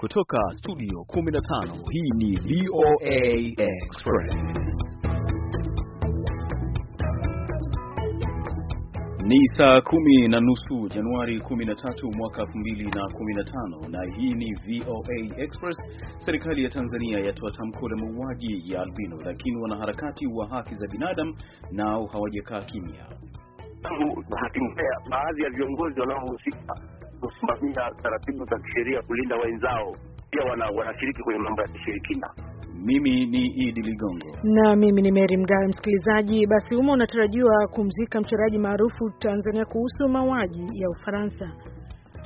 Kutoka studio 15 hii ni VOA Express. Ni saa kumi na nusu Januari 13 mwaka 2015, na hii ni VOA Express. Serikali ya Tanzania yatoa tamko la mauaji ya albino, lakini wanaharakati wa haki za binadamu nao hawajakaa kimya. Bahati mbaya baadhi ya viongozi wanaohusika kusimamia taratibu za kisheria kulinda wenzao, pia wanashiriki kwenye mambo ya kishirikina. Mimi ni Idi Ligongo na mimi ni Mary Mgawe. Msikilizaji, basi humo unatarajiwa kumzika mchoraji maarufu Tanzania kuhusu mauaji ya Ufaransa.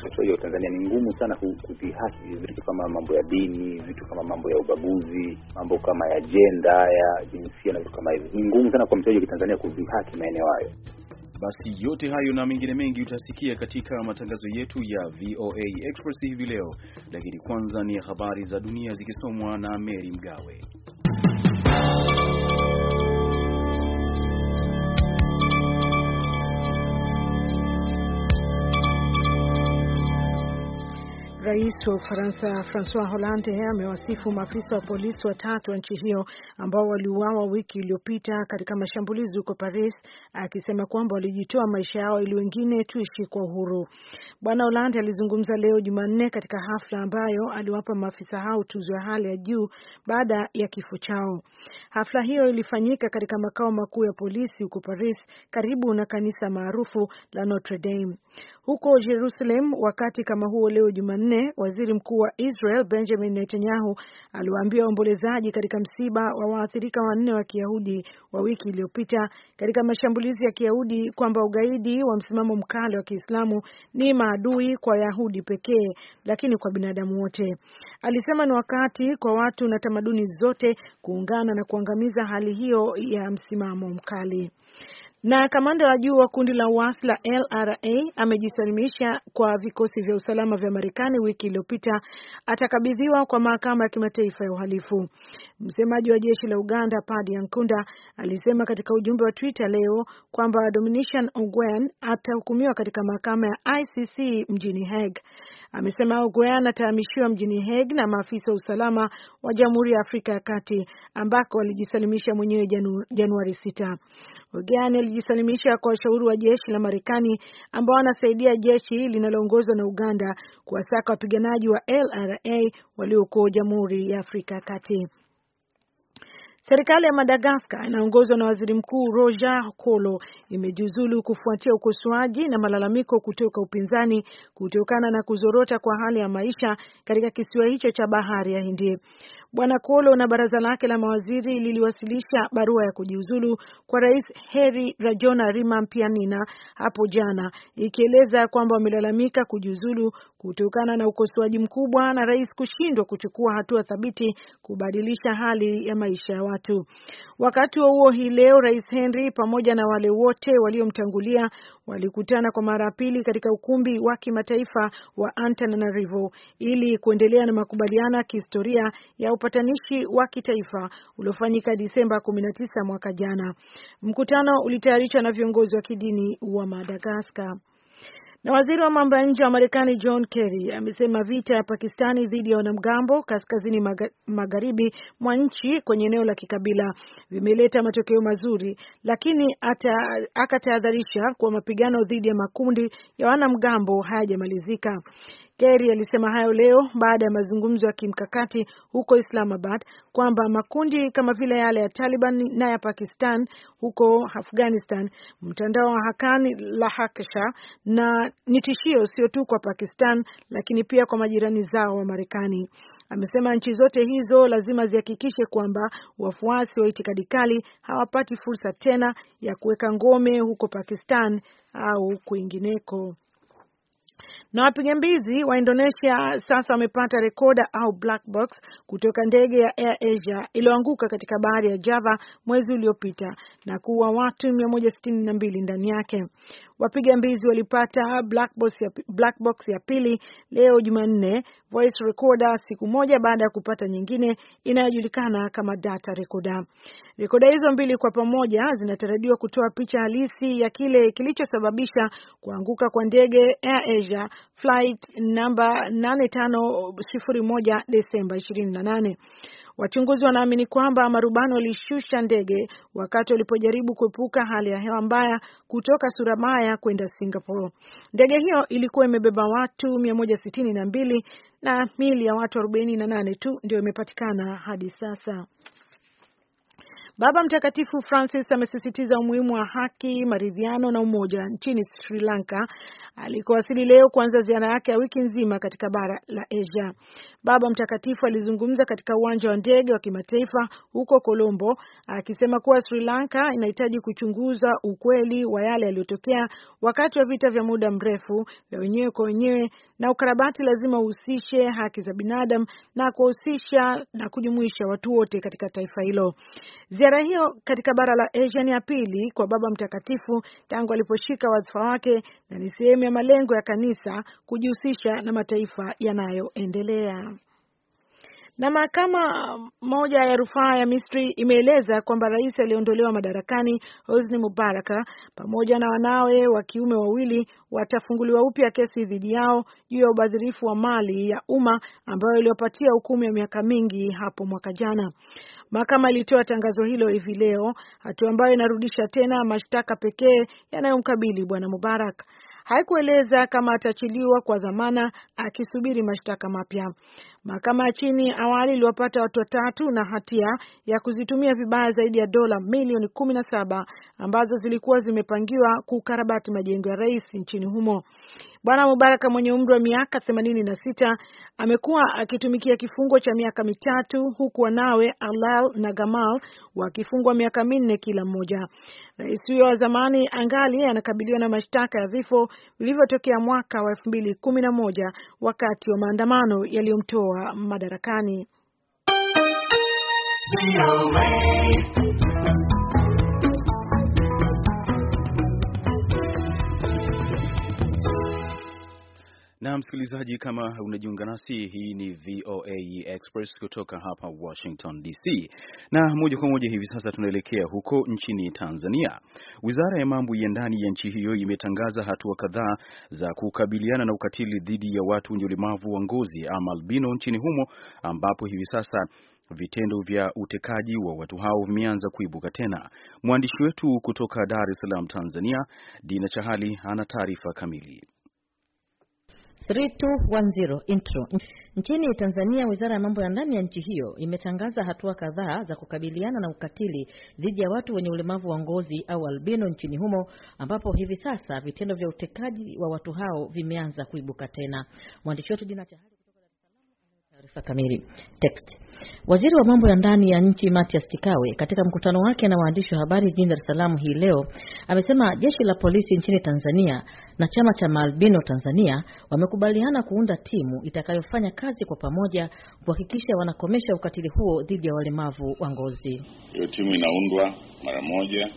Historia Tanzania ni ngumu sana kudhihaki vitu kama mambo ya dini, vitu kama mambo ya ubaguzi, mambo kama ya jenda, ya jinsia na vitu kama hivyo. Ni ngumu sana kwa mchoraji wa Kitanzania kudhihaki maeneo hayo. Basi yote hayo na mengine mengi utasikia katika matangazo yetu ya VOA Express hivi leo, lakini kwanza ni habari za dunia zikisomwa na Mary Mgawe. Rais wa Ufaransa Francois Hollande amewasifu maafisa wa polisi watatu wa nchi hiyo ambao waliuawa wiki iliyopita katika mashambulizi huko Paris, akisema kwamba walijitoa maisha yao ili wengine tuishi kwa uhuru. Bwana Hollande alizungumza leo Jumanne katika hafla ambayo aliwapa maafisa hao tuzo ya hali ya juu baada ya kifo chao. Hafla hiyo ilifanyika katika makao makuu ya polisi huko Paris, karibu na kanisa maarufu la Notre Dame. Huko Jerusalem, wakati kama huo leo Jumanne, waziri mkuu wa Israel Benjamin Netanyahu aliwaambia waombolezaji katika msiba wa waathirika wanne wa Kiyahudi wa wiki iliyopita katika mashambulizi ya Kiyahudi kwamba ugaidi wa msimamo mkali wa Kiislamu ni maadui kwa Yahudi pekee, lakini kwa binadamu wote. Alisema ni wakati kwa watu na tamaduni zote kuungana na kuangamiza hali hiyo ya msimamo mkali. Na kamanda wa juu wa kundi la uasi la LRA amejisalimisha kwa vikosi vya usalama vya Marekani wiki iliyopita, atakabidhiwa kwa mahakama ya kimataifa ya uhalifu. Msemaji wa jeshi la Uganda Paddy Ankunda alisema katika ujumbe wa Twitter leo kwamba Dominican Ongwen atahukumiwa katika mahakama ya ICC mjini Hague amesema Ogwea anatahamishiwa mjini Hague na maafisa wa usalama wa Jamhuri ya Afrika ya Kati ambako alijisalimisha mwenyewe janu, Januari 6. Ogwea alijisalimisha kwa washauri wa jeshi la Marekani ambao anasaidia jeshi linaloongozwa na Uganda kuwasaka wapiganaji wa LRA waliokuwa Jamhuri ya Afrika ya Kati. Serikali ya Madagaskar inaongozwa na waziri mkuu Roger Kolo imejiuzulu kufuatia ukosoaji na malalamiko kutoka upinzani kutokana na kuzorota kwa hali ya maisha katika kisiwa hicho cha bahari ya Hindi. Bwana Kolo na baraza lake la mawaziri liliwasilisha barua ya kujiuzulu kwa Rais Heri Rajona Rimampianina hapo jana, ikieleza kwamba wamelalamika kujiuzulu kutokana na ukosoaji mkubwa na rais kushindwa kuchukua hatua thabiti kubadilisha hali ya maisha ya watu. Wakati wa huo, hii leo Rais Henry pamoja na wale wote waliomtangulia walikutana kwa mara ya pili katika ukumbi wa kimataifa wa Antananarivo ili kuendelea na makubaliano ya kihistoria ya upatanishi wa kitaifa uliofanyika Disemba 19 mwaka jana. Mkutano ulitayarishwa na viongozi wa kidini wa Madagaskar. Na waziri wa mambo ya nje wa Marekani John Kerry amesema vita ya Pakistani dhidi ya wanamgambo kaskazini magharibi mwa nchi kwenye eneo la kikabila vimeleta matokeo mazuri, lakini akatahadharisha kuwa mapigano dhidi ya makundi ya wanamgambo hayajamalizika. Kerry alisema hayo leo baada ya mazungumzo ya kimkakati huko Islamabad kwamba makundi kama vile yale ya Taliban na ya Pakistan huko Afghanistan, mtandao wa Haqqani Lahakasha, na ni tishio sio tu kwa Pakistan lakini pia kwa majirani zao wa Marekani. Amesema nchi zote hizo lazima zihakikishe kwamba wafuasi wa itikadi kali hawapati fursa tena ya kuweka ngome huko Pakistan au kwingineko. Na wapiga mbizi wa Indonesia sasa wamepata rekoda au black box kutoka ndege ya Air Asia iliyoanguka katika bahari ya Java mwezi uliopita na kuua watu 162 ndani yake. Wapiga mbizi walipata black box ya, black box ya pili leo Jumanne, voice recorder siku moja baada ya kupata nyingine inayojulikana kama data recorder. Rekoda hizo mbili kwa pamoja zinatarajiwa kutoa picha halisi ya kile kilichosababisha kuanguka kwa ndege Air Asia flight namba 8501 Desemba 28. Wachunguzi wanaamini kwamba marubani walishusha ndege wakati walipojaribu kuepuka hali ya hewa mbaya kutoka Surabaya kwenda Singapore. Ndege hiyo ilikuwa imebeba watu 162 na mili ya watu 48 tu ndio imepatikana hadi sasa. Baba Mtakatifu Francis amesisitiza umuhimu wa haki, maridhiano na umoja nchini Sri Lanka alikowasili leo kuanza ziara yake ya wiki nzima katika bara la Asia. Baba Mtakatifu alizungumza katika uwanja wa ndege wa kimataifa huko Colombo, akisema kuwa Sri Lanka inahitaji kuchunguza ukweli wa yale yaliyotokea wakati wa vita vya muda mrefu vya wenyewe kwa wenyewe, na ukarabati lazima uhusishe haki za binadamu na kuhusisha na kujumuisha watu wote katika taifa hilo. Ziara hiyo katika bara la Asia ni ya pili kwa Baba Mtakatifu tangu aliposhika wadhifa wake na ni sehemu ya malengo ya kanisa kujihusisha na mataifa yanayoendelea. Na mahakama moja ya rufaa ya Misri imeeleza kwamba rais aliyeondolewa madarakani Hosni Mubaraka pamoja na wanawe wa kiume wawili watafunguliwa upya kesi dhidi yao juu ya ubadhirifu wa mali ya umma ambayo iliwapatia hukumu ya miaka mingi hapo mwaka jana. Mahakama ilitoa tangazo hilo hivi leo, hatua ambayo inarudisha tena mashtaka pekee yanayomkabili bwana Mubarak. Haikueleza kama ataachiliwa kwa dhamana akisubiri mashtaka mapya. Mahakama ya chini awali iliwapata watu watatu na hatia ya kuzitumia vibaya zaidi ya dola milioni kumi na saba ambazo zilikuwa zimepangiwa kukarabati majengo ya rais nchini humo. Bwana Mubaraka mwenye umri wa miaka themanini na sita amekuwa akitumikia kifungo cha miaka mitatu huku wanawe Alal na Gamal wakifungwa miaka minne kila mmoja. Rais huyo wa zamani angali anakabiliwa na mashtaka ya vifo vilivyotokea mwaka wa elfu mbili kumi na moja wakati wa maandamano yaliyomtoa kuondoa madarakani. Na msikilizaji, kama unajiunga nasi, hii ni VOA Express kutoka hapa Washington DC, na moja kwa moja hivi sasa tunaelekea huko nchini Tanzania. Wizara ya mambo ya ndani ya nchi hiyo imetangaza hatua kadhaa za kukabiliana na ukatili dhidi ya watu wenye ulemavu wa ngozi ama albino nchini humo, ambapo hivi sasa vitendo vya utekaji wa watu hao vimeanza kuibuka tena. Mwandishi wetu kutoka Dar es Salaam, Tanzania, Dina Chahali ana taarifa kamili. 3210 intro. Nchini Tanzania, Wizara ya Mambo ya Ndani ya nchi hiyo imetangaza hatua kadhaa za kukabiliana na ukatili dhidi ya watu wenye ulemavu wa ngozi au albino nchini humo, ambapo hivi sasa vitendo vya utekaji wa watu hao vimeanza kuibuka tena. Mwandishi wetu Dina Chahali Taarifa kamili. Text. Waziri wa mambo ya ndani ya nchi Mathias Chikawe katika mkutano wake na waandishi wa habari jijini Dar es Salaam hii leo amesema jeshi la polisi nchini Tanzania na chama cha maalbino Tanzania wamekubaliana kuunda timu itakayofanya kazi kwa pamoja kuhakikisha wanakomesha ukatili huo dhidi ya walemavu wa ngozi. Hiyo timu inaundwa mara moja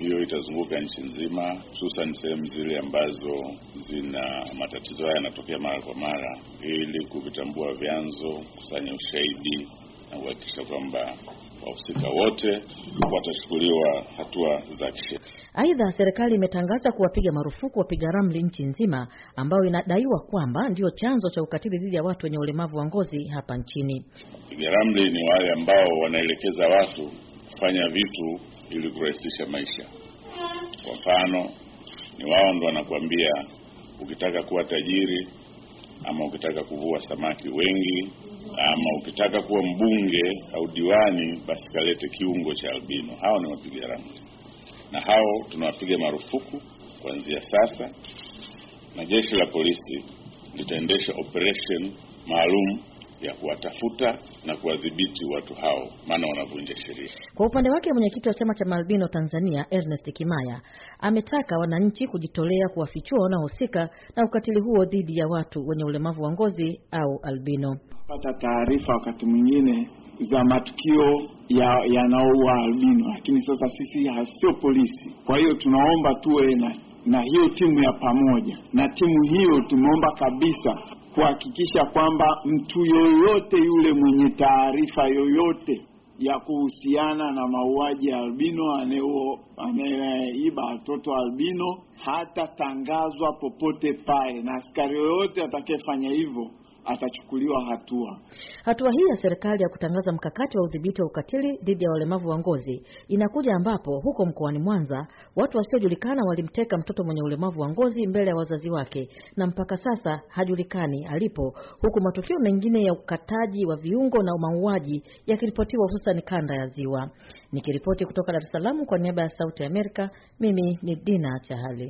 hiyo itazunguka nchi nzima, hususan sehemu zile ambazo zina matatizo haya yanatokea mara kwa mara, ili kuvitambua vyanzo, kusanya ushahidi na kuhakikisha kwamba wahusika wote watachukuliwa hatua za kisheria. Aidha, serikali imetangaza kuwapiga marufuku wapiga ramli nchi nzima, ambayo inadaiwa kwamba ndio chanzo cha ukatili dhidi ya watu wenye ulemavu wa ngozi hapa nchini. Wapiga ramli ni wale ambao wanaelekeza watu kufanya vitu ili kurahisisha maisha. Kwa mfano, ni wao ndo wanakuambia ukitaka kuwa tajiri ama ukitaka kuvua samaki wengi ama ukitaka kuwa mbunge au diwani, basi kalete kiungo cha albino. Hao ni wapiga ramli, na hao tunawapiga marufuku kuanzia sasa, na jeshi la polisi litaendesha operation maalum ya kuwatafuta na kuwadhibiti watu hao, maana wanavunja sheria. Kwa upande wake, mwenyekiti wa chama cha maalbino Tanzania Ernest Kimaya ametaka wananchi kujitolea kuwafichua wanaohusika na ukatili huo dhidi ya watu wenye ulemavu wa ngozi au albino. Pata taarifa wakati mwingine za matukio yanaoua albino, lakini sasa sisi hasio polisi. Kwa hiyo tunaomba tuwe na, na hiyo timu ya pamoja, na timu hiyo tumeomba kabisa kuhakikisha kwamba mtu yoyote yule mwenye taarifa yoyote ya kuhusiana na mauaji ya albino anayeiba watoto albino hatatangazwa popote pale, na askari yoyote atakayefanya hivyo atachukuliwa hatua. Hatua hii ya serikali ya kutangaza mkakati wa udhibiti wa ukatili dhidi ya walemavu wa ngozi inakuja ambapo huko mkoani Mwanza watu wasiojulikana walimteka mtoto mwenye ulemavu wa ngozi mbele ya wazazi wake na mpaka sasa hajulikani alipo, huku matukio mengine ya ukataji wa viungo na mauaji yakiripotiwa hususan kanda ya Ziwa. Nikiripoti kutoka Dar es Salaam kwa niaba ya Sauti ya Amerika, mimi ni Dina Chahali.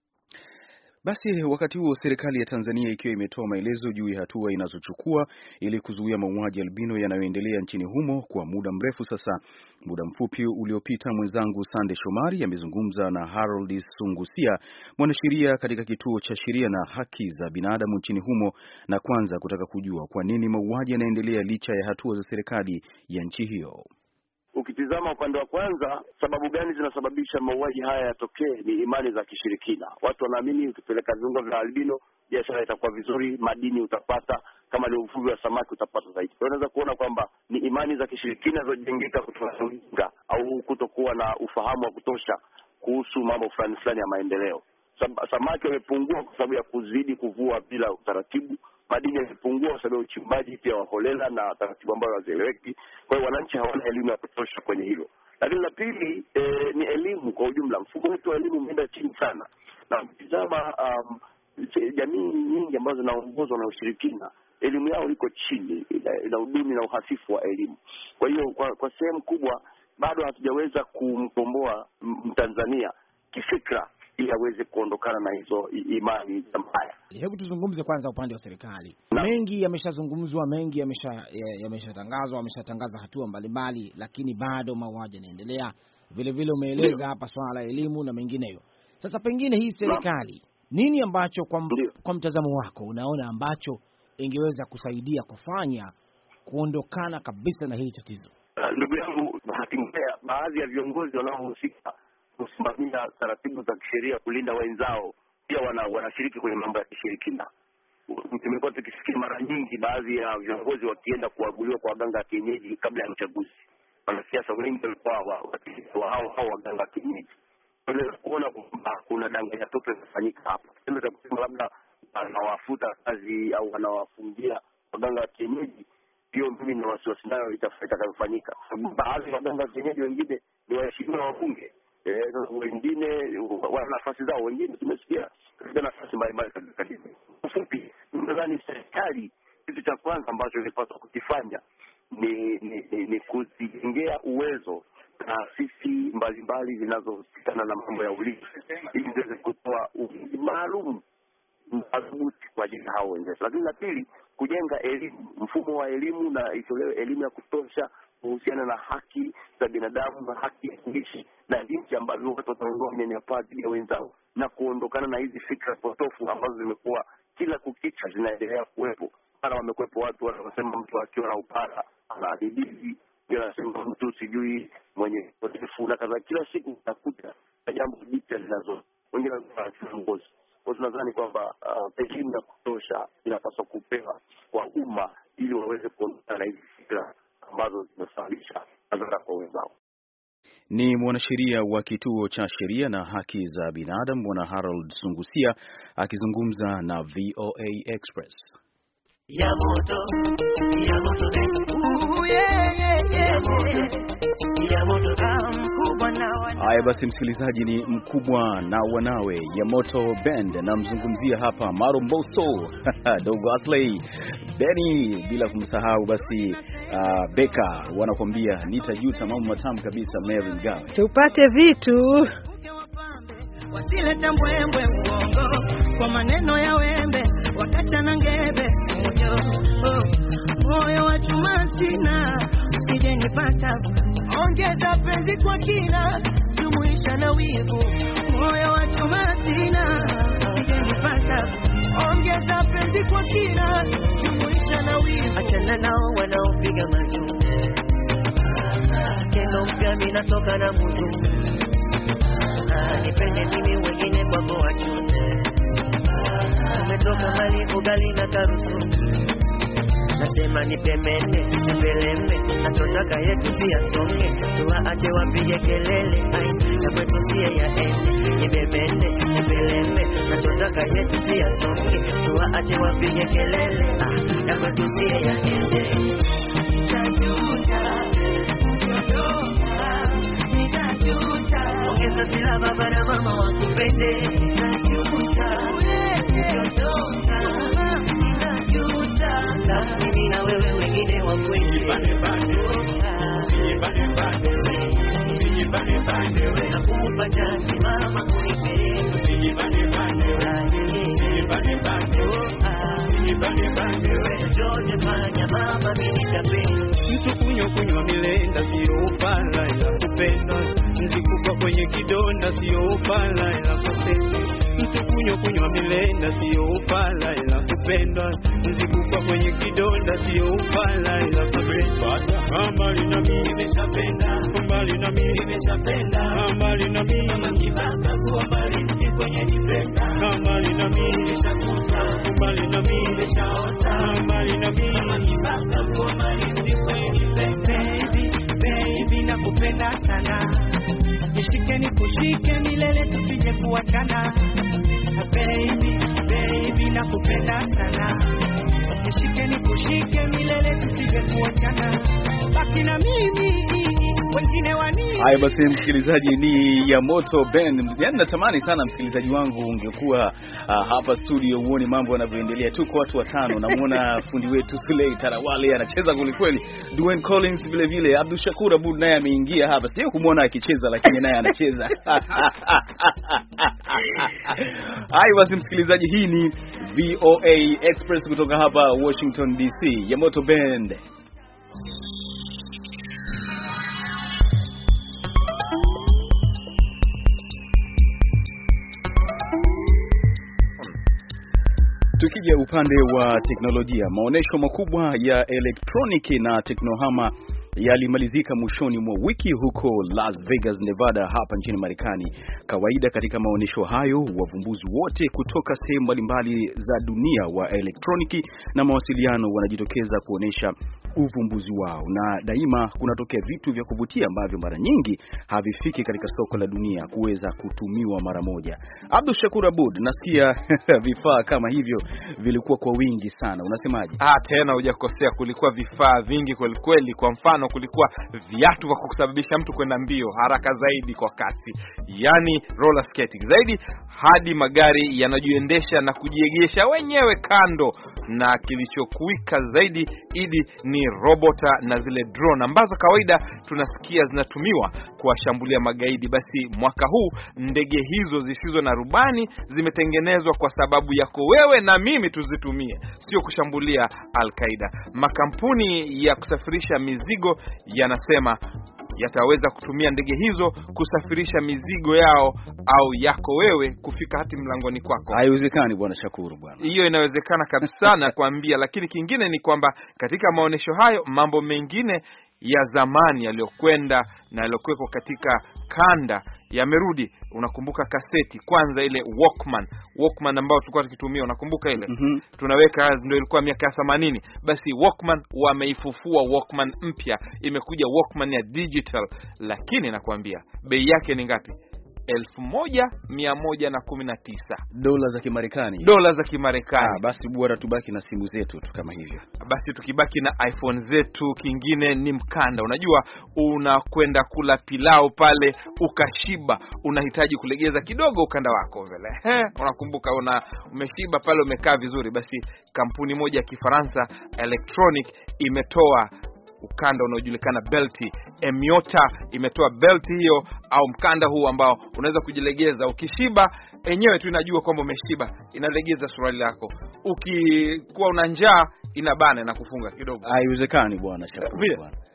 Basi wakati huo serikali ya Tanzania ikiwa imetoa maelezo juu ya hatua inazochukua ili kuzuia mauaji albino yanayoendelea nchini humo kwa muda mrefu sasa. Muda mfupi uliopita, mwenzangu Sande Shomari amezungumza na Harold Sungusia, mwanasheria katika kituo cha sheria na haki za binadamu nchini humo, na kwanza kutaka kujua kwa nini mauaji yanaendelea licha ya hatua za serikali ya nchi hiyo ukitizama upande wa kwanza, sababu gani zinasababisha mauaji haya yatokee? Ni imani za kishirikina. Watu wanaamini ukipeleka viungo vya albino biashara itakuwa vizuri, madini utapata, kama ni uvuvi wa samaki utapata zaidi. unaweza kuona kwamba ni imani za kishirikina zinazojengeka kutoka ujinga au kutokuwa na ufahamu wa kutosha kuhusu mambo fulani fulani ya maendeleo. Samaki wamepungua kwa sababu ya kuzidi kuvua bila utaratibu madini yamepungua kwa sababu ya uchimbaji pia wa holela na taratibu ambazo hazieleweki. Kwa hiyo wananchi hawana elimu ya kutosha kwenye hilo. Lakini la pili e, ni elimu kwa ujumla. Mfumo wetu wa elimu umeenda chini sana, na ukitizama um, jamii nyingi ambazo zinaongozwa na ushirikina elimu yao iko chini, ina uduni na uhasifu wa elimu. Kwa hiyo kwa, kwa sehemu kubwa bado hatujaweza kumkomboa Mtanzania kifikra ili aweze kuondokana na hizo imani mbaya. Hebu tuzungumze kwanza upande wa serikali. Mengi yameshazungumzwa, mengi yameshatangazwa, ya wameshatangaza hatua mbalimbali, lakini bado mauaji yanaendelea. Vilevile umeeleza hapa swala la elimu na mengineyo. Sasa pengine hii serikali nini ambacho kwa, kwa mtazamo wako unaona ambacho ingeweza kusaidia kufanya kuondokana kabisa na hili tatizo? Uh, ndugu yangu, bahati mbaya baadhi ya viongozi wanaohusika kusimamia taratibu za kisheria kulinda wenzao, pia wana, wanashiriki kwenye mambo ya kishirikina. Tumekuwa tukisikia mara nyingi baadhi ya viongozi wakienda kuaguliwa kwa waganga wa kienyeji kabla ya uchaguzi. Wanasiasa wengi walikuwa wa hao hao waganga wa kienyeji. Unaweza kuona kwamba kuna danganya tope zinafanyika hapa, kitendo cha kusema labda wanawafuta kazi au wanawafungia waganga wa kienyeji ndio mimi na wasiwasi nayo itakavyofanyika, sababu baadhi ya waganga wa kienyeji wengine ni waheshimiwa wabunge. Eh, wengine wana nafasi zao, wengine tumesikia katika nafasi mbalimbali katika dini. Ufupi, nadhani serikali kitu cha kwanza ambacho ilipaswa kukifanya ni ni, ni, ni kuzijengea uwezo taasisi mbalimbali zinazohusikana na mambo ya ulinzi ili ziweze kutoa ulinzi maalum madhubuti kwa ajili ya hao wenzetu. Lakini la pili, kujenga elimu, mfumo wa elimu na itolewe elimu ya kutosha kuhusiana na haki za binadamu na haki ya kuishi na jinsi ambavyo watu wataondoa unyanyapaa dhidi ya wenzao na kuondokana na hizi fikra potofu ambazo zimekuwa kila kukicha zinaendelea kuwepo. Mara wamekuwepo watu wanaosema mtu akiwa na upara anaadhibiwi, anasema mtu sijui mwenye urefu na kadha. Kila siku utakuta na jambo jipya linazo wengine viongozi kwa tunadhani kwamba elimu uh, ya kutosha inapaswa kupewa kwa umma ili waweze kuondokana na hizi fikra ambazo zimesababisha madhara kwa wenzao. Ni mwanasheria wa kituo cha sheria na haki za binadamu Bwana Harold Sungusia akizungumza na VOA Express. ya moto, ya moto, ya moto, ya moto, Haya basi, msikilizaji, ni mkubwa na wanawe ya moto band, namzungumzia hapa Mboso Dogo Asley Beni, bila kumsahau basi uh, Beka, wanakuambia nitajuta, mambo matamu kabisa. Mary Mgawe, tupate vitu wasileta mbwembwe, uongo kwa maneno ya wembe, na ngebe oh, moyo oh, wa chuma sina umenipata, ongeza penzi kwa kina, jumuisha na wivu, moyo wa tumatina sina, ongeza penzi kwa kina, jumuisha na wivu, achana nao wanaopiga majungu, kendo mpya minatoka na muzungu, nipende mimi, wengine kwako wachuze, umetoka mali ugali na karusuni nasema ni pemende na pelembe, natotaka yetu pia songe, ate wapige kelele, ai na kwetu sie yaende, ni pemende na pelembe, natotaka yetu pia songe, ate wapige kelele, ah na kwetu sie yaende Ongeza silaba na mama wakupende, najuta kuzungumza kunywa milenda sio upala ila kupenda, mzikupa kwenye kidonda sio upala ila kupenda, msukunyo kunywa milenda sio upala ila kupenda mzikupa kwenye kidonda, sio upala ila kupenda. Mbali na mimi nimeshapenda, mbali na mimi nimeshapenda, mbali na mimi mama kibasa kuwa mbali kwenye nipenda mbali na mimi nimeshakuta, mbali na mimi nimeshaota, mbali na mimi mama kibasa kuwa mbali kwenye nipenda Baby baby nakupenda sana, nishike nikushike milele tusije kuachana baby nakupenda sana, nishike nikushike milele, tusije kuachana, baki na mimi wengine Haya basi, msikilizaji, ni ya moto Ben. Yani natamani sana msikilizaji wangu ungekuwa uh, hapa studio uone mambo yanavyoendelea. Tuko watu watano, namuona fundi wetu Sulei Tarawale anacheza kwelikweli, Dwayne Collins vile vile, Abdul Shakur Abud naye ameingia hapa, sio kumwona akicheza, lakini naye anacheza. Haya basi, msikilizaji, hii ni VOA Express kutoka hapa Washington DC. moto Band. Tukija upande wa teknolojia, maonyesho makubwa ya elektroniki na teknohama yalimalizika mwishoni mwa wiki huko Las Vegas, Nevada, hapa nchini Marekani. Kawaida katika maonyesho hayo wavumbuzi wote kutoka sehemu mbalimbali za dunia wa elektroniki na mawasiliano wanajitokeza kuonyesha uvumbuzi wao, na daima kunatokea vitu vya kuvutia ambavyo mara nyingi havifiki katika soko la dunia kuweza kutumiwa mara moja. Abdul Shakur Abud, nasikia vifaa kama hivyo vilikuwa kwa wingi sana, unasemaje? Ah, tena hujakosea, kulikuwa vifaa vingi kweli kweli. Kwa mfano, kulikuwa viatu vya kusababisha mtu kwenda mbio haraka zaidi kwa kasi, yani roller skating zaidi, hadi magari yanajiendesha na kujiegesha wenyewe kando, na kilichokuika zaidi idi ni robota na zile drone ambazo kawaida tunasikia zinatumiwa kuwashambulia magaidi. Basi mwaka huu ndege hizo zisizo na rubani zimetengenezwa kwa sababu yako wewe na mimi tuzitumie, sio kushambulia Al Qaida. Makampuni ya kusafirisha mizigo yanasema yataweza kutumia ndege hizo kusafirisha mizigo yao au yako wewe kufika hati mlangoni kwako. Haiwezekani bwana Shakuru, bwana, hiyo inawezekana kabisa na kuambia. Lakini kingine ni kwamba katika maonyesho hayo mambo mengine ya zamani yaliyokwenda na yaliyokuwekwa katika kanda yamerudi. Unakumbuka kaseti kwanza, ile Walkman, Walkman ambayo tulikuwa tukitumia, unakumbuka ile? mm -hmm. Tunaweka, ndio ilikuwa miaka ya 80. Basi Walkman wameifufua, Walkman mpya imekuja, Walkman ya digital, lakini nakwambia bei yake ni ngapi? 119 dola za Kimarekani, dola za Kimarekani. Ah, basi bora tubaki na simu zetu tu kama hivyo. Basi tukibaki na iPhone zetu, kingine ni mkanda. Unajua, unakwenda kula pilau pale ukashiba, unahitaji kulegeza kidogo ukanda wako vile, unakumbuka una umeshiba pale, umekaa vizuri. Basi kampuni moja ya Kifaransa Electronic imetoa ukanda unaojulikana belti. Emyota eh, imetoa belti hiyo au mkanda huu ambao unaweza kujilegeza. Ukishiba enyewe tu inajua kwamba umeshiba, inalegeza suruali lako. Ukikuwa una njaa inabana na kufunga kidogo, haiwezekani bwana.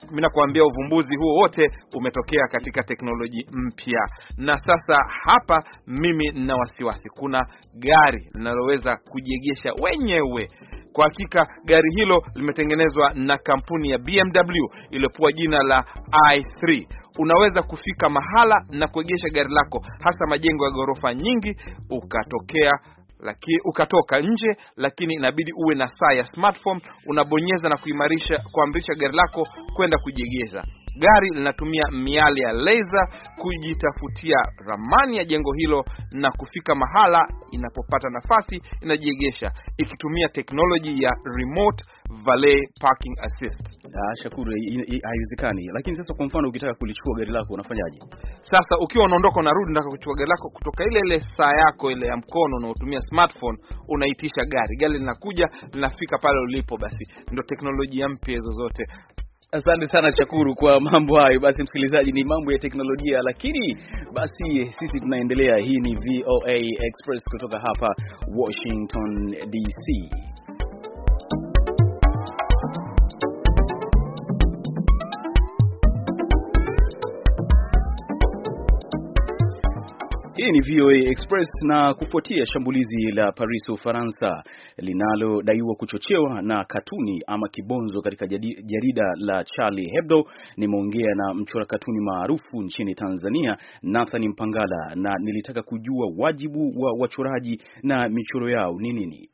Mimi nakwambia uvumbuzi huo wote umetokea katika teknoloji mpya, na sasa hapa mimi nina wasiwasi, kuna gari linaloweza kujiegesha wenyewe. Kwa hakika gari hilo limetengenezwa na kampuni ya BMW iliyopewa jina la i3. Unaweza kufika mahala na kuegesha gari lako, hasa majengo ya ghorofa nyingi, ukatokea lakini ukatoka nje, lakini inabidi uwe na saa ya smartphone, unabonyeza na kuimarisha kuamrisha gari lako kwenda kujiegeza. Gari linatumia miale ya laser kujitafutia ramani ya jengo hilo na kufika mahala, inapopata nafasi inajiegesha, ikitumia teknoloji ya remote valet parking assist. Ah, Shakuru, haiwezekani. Lakini sasa, kwa mfano, ukitaka kulichukua gari lako unafanyaje? Sasa ukiwa unaondoka, unarudi, unataka kuchukua gari lako kutoka ile ile saa yako ile ya mkono unaotumia smartphone, unaitisha gari, gari linakuja, linafika pale ulipo. Basi ndio teknolojia mpya hizo zote Asante sana Shakuru kwa mambo hayo. Basi msikilizaji, ni mambo ya teknolojia, lakini basi sisi tunaendelea. Hii ni VOA Express kutoka hapa Washington DC. Hii ni VOA Express. Na kufuatia shambulizi la Paris, Ufaransa, linalodaiwa kuchochewa na katuni ama kibonzo katika jarida la Charlie Hebdo, nimeongea na mchora katuni maarufu nchini Tanzania, Nathan Mpangala, na nilitaka kujua wajibu wa wachoraji na michoro yao ni nini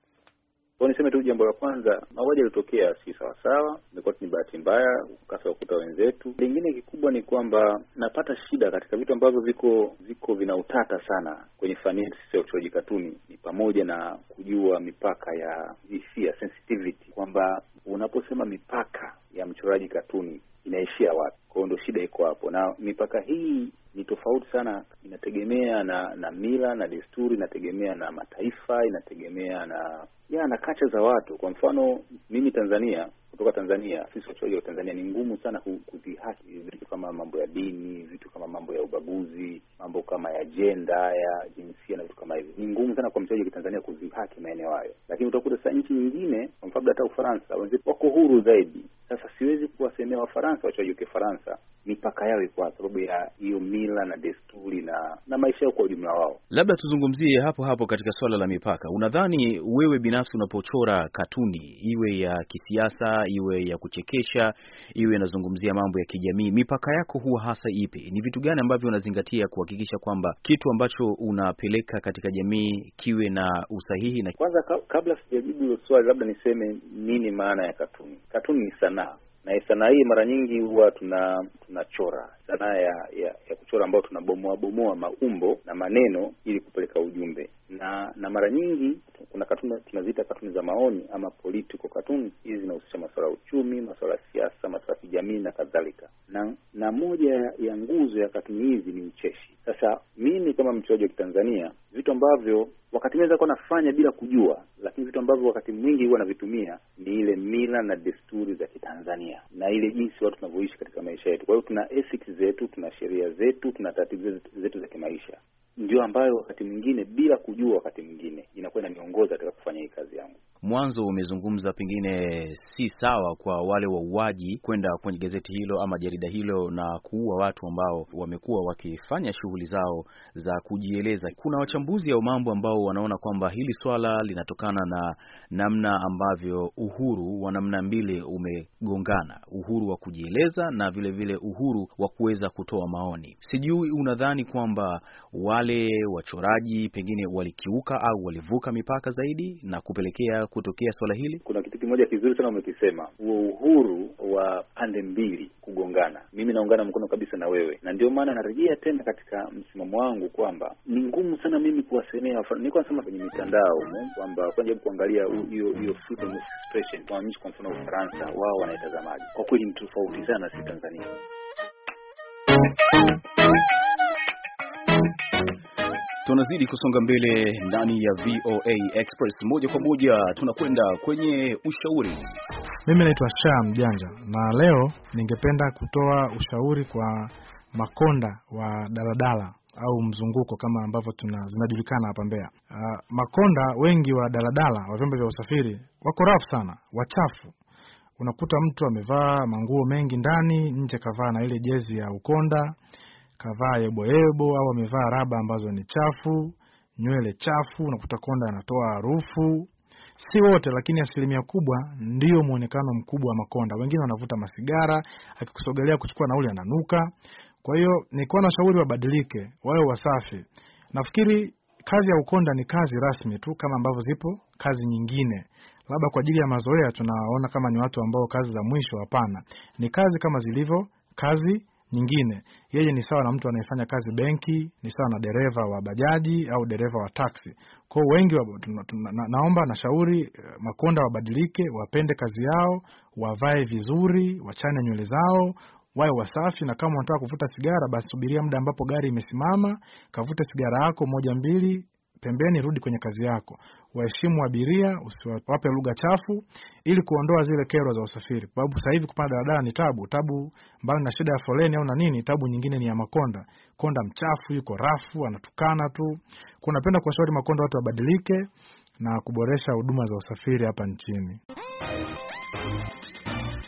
kwao. niseme tu jambo la kwanza, mauaji yaliyotokea si sawasawa, imekuwa ni bahati mbaya ukasa wakuta wenzetu. Lingine kikubwa ni kwamba napata shida katika vitu ambavyo viko viko vina utata sana kwenye fani yetu sisi ya uchoraji katuni, ni pamoja na kujua mipaka ya hisia sensitivity, kwamba unaposema mipaka ya mchoraji katuni inaishia wapi? Kwa hiyo ndo shida iko hapo, na mipaka hii ni tofauti sana, inategemea na na mila na desturi, inategemea na mataifa, inategemea na ya na kacha za watu. Kwa mfano mimi Tanzania, kutoka Tanzania, sisi wachuaji wa Tanzania ni ngumu sana kudhihaki vitu kama mambo ya dini, vitu kama mambo ya ubaguzi, mambo kama ya jenda ya jinsia na vitu kama hivyo. Ni ngumu sana kwa mchuaji wa Kitanzania kudhihaki maeneo hayo, lakini utakuta saa nchi nyingine, kwa mfano labda hata Ufaransa, wenzetu wako huru zaidi sasa siwezi kuwasemea Wafaransa wachajuke Faransa mipaka yao iko, kwa sababu ya hiyo mila na desturi na na maisha yao kwa ujumla wao. Labda tuzungumzie hapo hapo katika swala la mipaka. Unadhani wewe binafsi unapochora katuni, iwe ya kisiasa, iwe ya kuchekesha, iwe inazungumzia mambo ya kijamii, mipaka yako huwa hasa ipi? Ni vitu gani ambavyo unazingatia kuhakikisha kwamba kitu ambacho unapeleka katika jamii kiwe na usahihi? Na kwanza, kabla sijajibu hilo swali, labda niseme nini maana ya katuni. Katuni ni sanaa na sanaa hii mara nyingi huwa tuna tunachora sanaa ya, ya ya kuchora ambayo tunabomoa bomoa maumbo na maneno ili kupeleka ujumbe, na na mara nyingi kuna katuni tunaziita katuni za maoni ama political katuni. Hizi zinahusisha masuala ya uchumi, masuala ya siasa, masuala ya kijamii na kadhalika, na na moja ya nguzo ya katuni hizi ni ucheshi. Sasa mimi kama mchoraji wa Kitanzania, vitu ambavyo wakati mwingine kuwa nafanya bila kujua, lakini vitu ambavyo wakati mwingi huwa navitumia ni ile mila na desturi za Kitanzania na ile jinsi watu tunavyoishi katika maisha yetu. Kwa hiyo tuna ethics zetu, tuna sheria zetu, tuna taratibu zetu, zetu za kimaisha ndio ambayo wakati mwingine bila kujua, wakati mwingine inakuwa inaniongoza katika kufanya hii kazi yangu. Mwanzo umezungumza pengine si sawa kwa wale wauaji kwenda kwenye gazeti hilo ama jarida hilo na kuua watu ambao wamekuwa wakifanya shughuli zao za kujieleza. Kuna wachambuzi au mambo ambao wanaona kwamba hili swala linatokana na namna ambavyo uhuru wa namna mbili umegongana, uhuru wa kujieleza na vilevile vile uhuru wa kuweza kutoa maoni. Sijui unadhani kwamba wale wale wachoraji pengine walikiuka au walivuka mipaka zaidi na kupelekea kutokea swala hili? Kuna kitu kimoja kizuri sana umekisema, huo uhuru wa pande mbili kugongana. Mimi naungana mkono kabisa na wewe, na ndio maana narejea tena katika msimamo wangu kwamba ni ngumu sana mimi kuwasemea. Nilikuwa nasema kwenye mitandao kwamba kwanza kuangalia hiyo hiyo freedom of expression kwa nchi, kwa mfano Ufaransa, wao wanaitazamaje? Kwa kweli ni tofauti sana si Tanzania. Tunazidi kusonga mbele ndani ya VOA Express. Moja kwa moja tunakwenda kwenye ushauri. Mimi naitwa Shaa Mjanja na leo ningependa kutoa ushauri kwa makonda wa daladala au mzunguko kama ambavyo tuna zinajulikana hapa Mbeya. Uh, makonda wengi wa daladala wa vyombo vya usafiri wako rafu sana, wachafu. Unakuta mtu amevaa manguo mengi ndani, nje kavaa na ile jezi ya ukonda kavaa yeboyebo au amevaa raba ambazo ni chafu, nywele chafu, unakuta konda anatoa harufu. Si wote lakini asilimia kubwa ndio muonekano mkubwa wa makonda. Wengine wanavuta masigara, akikusogelea kuchukua nauli ananuka. Kwa hiyo nilikuwa na shauri wabadilike, wawe wasafi. Nafikiri kazi ya ukonda ni kazi rasmi tu kama ambavyo zipo kazi nyingine, labda kwa ajili ya mazoea tunaona kama ni watu ambao kazi za mwisho. Hapana, ni kazi kama zilivyo kazi nyingine, yeye ni sawa na mtu anayefanya kazi benki, ni sawa na dereva wa bajaji au dereva wa taksi. Kwao wengi wa, na, naomba nashauri eh, Makonda wabadilike, wapende kazi yao, wavae vizuri, wachane nywele zao wawe wasafi, na kama unataka kuvuta sigara, basi subiria muda ambapo gari imesimama, kavute sigara yako moja mbili, pembeni, rudi kwenye kazi yako. Waheshimu abiria, usiwape lugha chafu, ili kuondoa zile kero za usafiri, kwa sababu sasa hivi kupanda daladala ni tabu tabu. Mbali na shida ya foleni au na nini, tabu nyingine ni ya makonda. Konda mchafu, yuko rafu, anatukana tu. Kunapenda kuwashauri makonda watu wabadilike na kuboresha huduma za usafiri hapa nchini.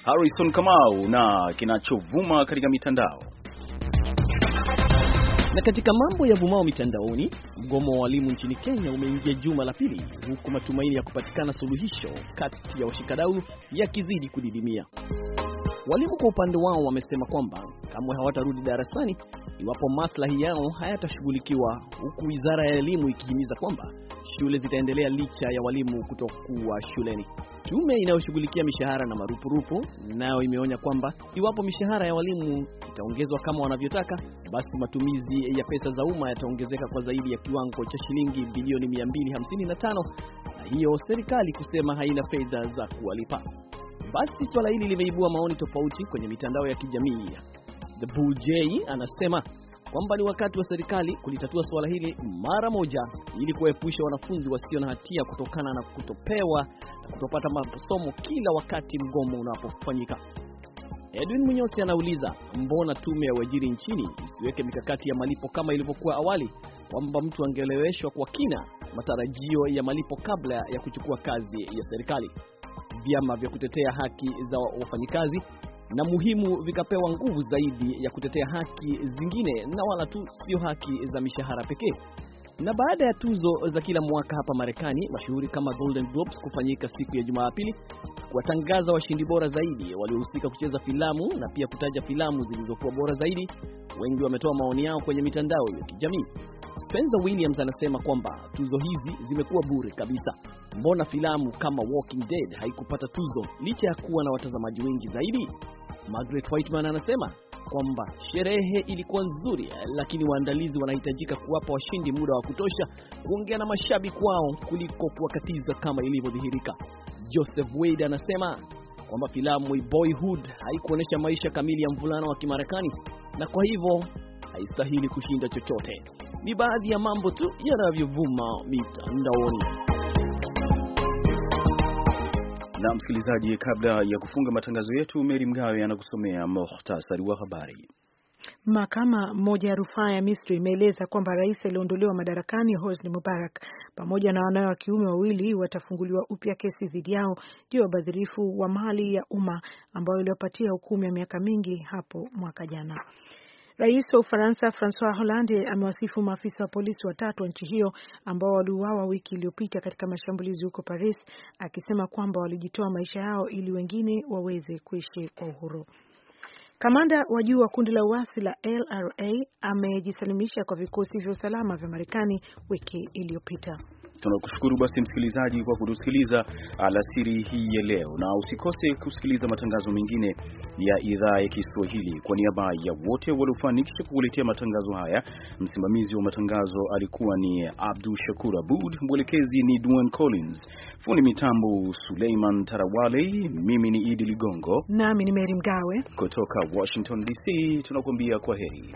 Harrison Kamau na kinachovuma katika mitandao na katika mambo ya vumao mitandaoni, mgomo wa walimu nchini Kenya umeingia juma la pili, huku matumaini ya kupatikana suluhisho kati ya washikadau yakizidi kudidimia. Walimu kwa upande wao wamesema kwamba kamwe hawatarudi darasani iwapo maslahi yao hayatashughulikiwa, huku wizara ya elimu ikihimiza kwamba shule zitaendelea licha ya walimu kutokuwa shuleni. Tume inayoshughulikia mishahara na marupurupu nayo imeonya kwamba iwapo mishahara ya walimu itaongezwa kama wanavyotaka, basi matumizi ya pesa za umma yataongezeka kwa zaidi ya kiwango cha shilingi bilioni 255, na hiyo serikali kusema haina fedha za kuwalipa. Basi swala hili limeibua maoni tofauti kwenye mitandao ya kijamii. The Bull J anasema kwamba ni wakati wa serikali kulitatua suala hili mara moja ili kuwaepusha wanafunzi wasio na hatia kutokana na kutopewa na kutopata masomo kila wakati mgomo unapofanyika. Edwin Munyosi anauliza mbona tume ya uajiri nchini isiweke mikakati ya malipo kama ilivyokuwa awali, kwamba mtu angeeleweshwa kwa kina matarajio ya malipo kabla ya kuchukua kazi ya serikali vyama vya kutetea haki za wafanyikazi na muhimu vikapewa nguvu zaidi ya kutetea haki zingine na wala tu sio haki za mishahara pekee. Na baada ya tuzo za kila mwaka hapa Marekani mashuhuri kama Golden Globes kufanyika siku ya Jumapili, kuwatangaza washindi bora zaidi waliohusika kucheza filamu na pia kutaja filamu zilizokuwa bora zaidi, wengi wametoa maoni yao kwenye mitandao ya kijamii. Spencer Williams anasema kwamba tuzo hizi zimekuwa bure kabisa. Mbona filamu kama Walking Dead haikupata tuzo licha ya kuwa na watazamaji wengi zaidi? Margaret Whiteman anasema kwamba sherehe ilikuwa nzuri, lakini waandalizi wanahitajika kuwapa washindi muda wa kutosha kuongea na mashabiki wao kuliko kuwakatiza kama ilivyodhihirika. Joseph Wade anasema kwamba filamu Boyhood haikuonyesha maisha kamili ya mvulana wa Kimarekani na kwa hivyo haistahili kushinda chochote. Ni baadhi ya mambo tu yanavyovuma mitandaoni. Na msikilizaji, kabla ya kufunga matangazo yetu, Meri Mgawe anakusomea muhtasari wa habari. Mahakama moja ya rufaa ya Misri imeeleza kwamba rais aliondolewa madarakani Hosni Mubarak pamoja na wanawe wa kiume wawili watafunguliwa upya kesi dhidi yao juu ya ubadhirifu wa mali ya umma ambayo iliwapatia hukumu ya miaka mingi hapo mwaka jana. Rais wa Ufaransa Francois Hollande amewasifu maafisa wa polisi watatu wa nchi hiyo ambao waliuawa wiki iliyopita katika mashambulizi huko Paris, akisema kwamba walijitoa maisha yao ili wengine waweze kuishi kwa uhuru. Kamanda wa juu wa kundi la uasi la LRA amejisalimisha kwa vikosi vya usalama vya Marekani wiki iliyopita. Tunakushukuru basi msikilizaji kwa kutusikiliza alasiri hii ya leo, na usikose kusikiliza matangazo mengine ya idhaa ya Kiswahili. Kwa niaba ya wote waliofanikisha kukuletea matangazo haya, msimamizi wa matangazo alikuwa ni Abdu Shakur Abud, mwelekezi ni Duan Collins, fundi mitambo Suleiman Tarawale, mimi ni Idi Ligongo nami ni Meri Mgawe kutoka Washington DC, tunakuambia kwa heri.